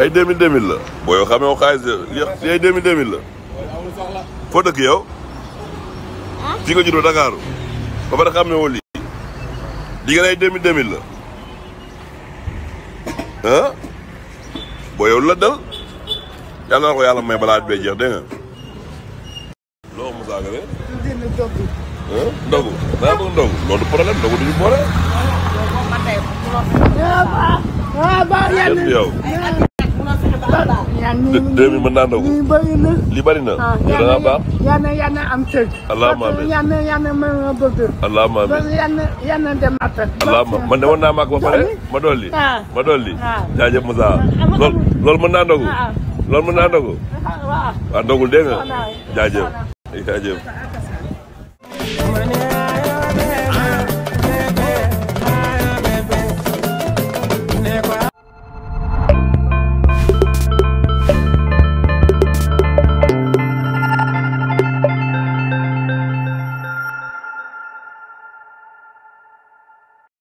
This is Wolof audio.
ay 2000 2000 la boo yoo xamee xaalis li ay 2000 2000 la foo dëkk yow fii nga juddoo Dakar ba pare xamee woo lii li nga ay 2000 2000 la ah boo yow la dal na ko yàlla may balaa bee jeex dégg nga loo mu saagalee ndogu ndogu loolu problème ndogu duñu boole. Ah, ah, yow. mën li bëri na li na ah, da ngaa baax yal na yal na am sëg allahumma amiin yal na yal na mën a bëgg allahumma amiin yal na yal na dem attan man de mën naa màgg ma dolli ah. ma dolli ah. jaajëf Moussa lool mën naa ndogu mën naa ndogu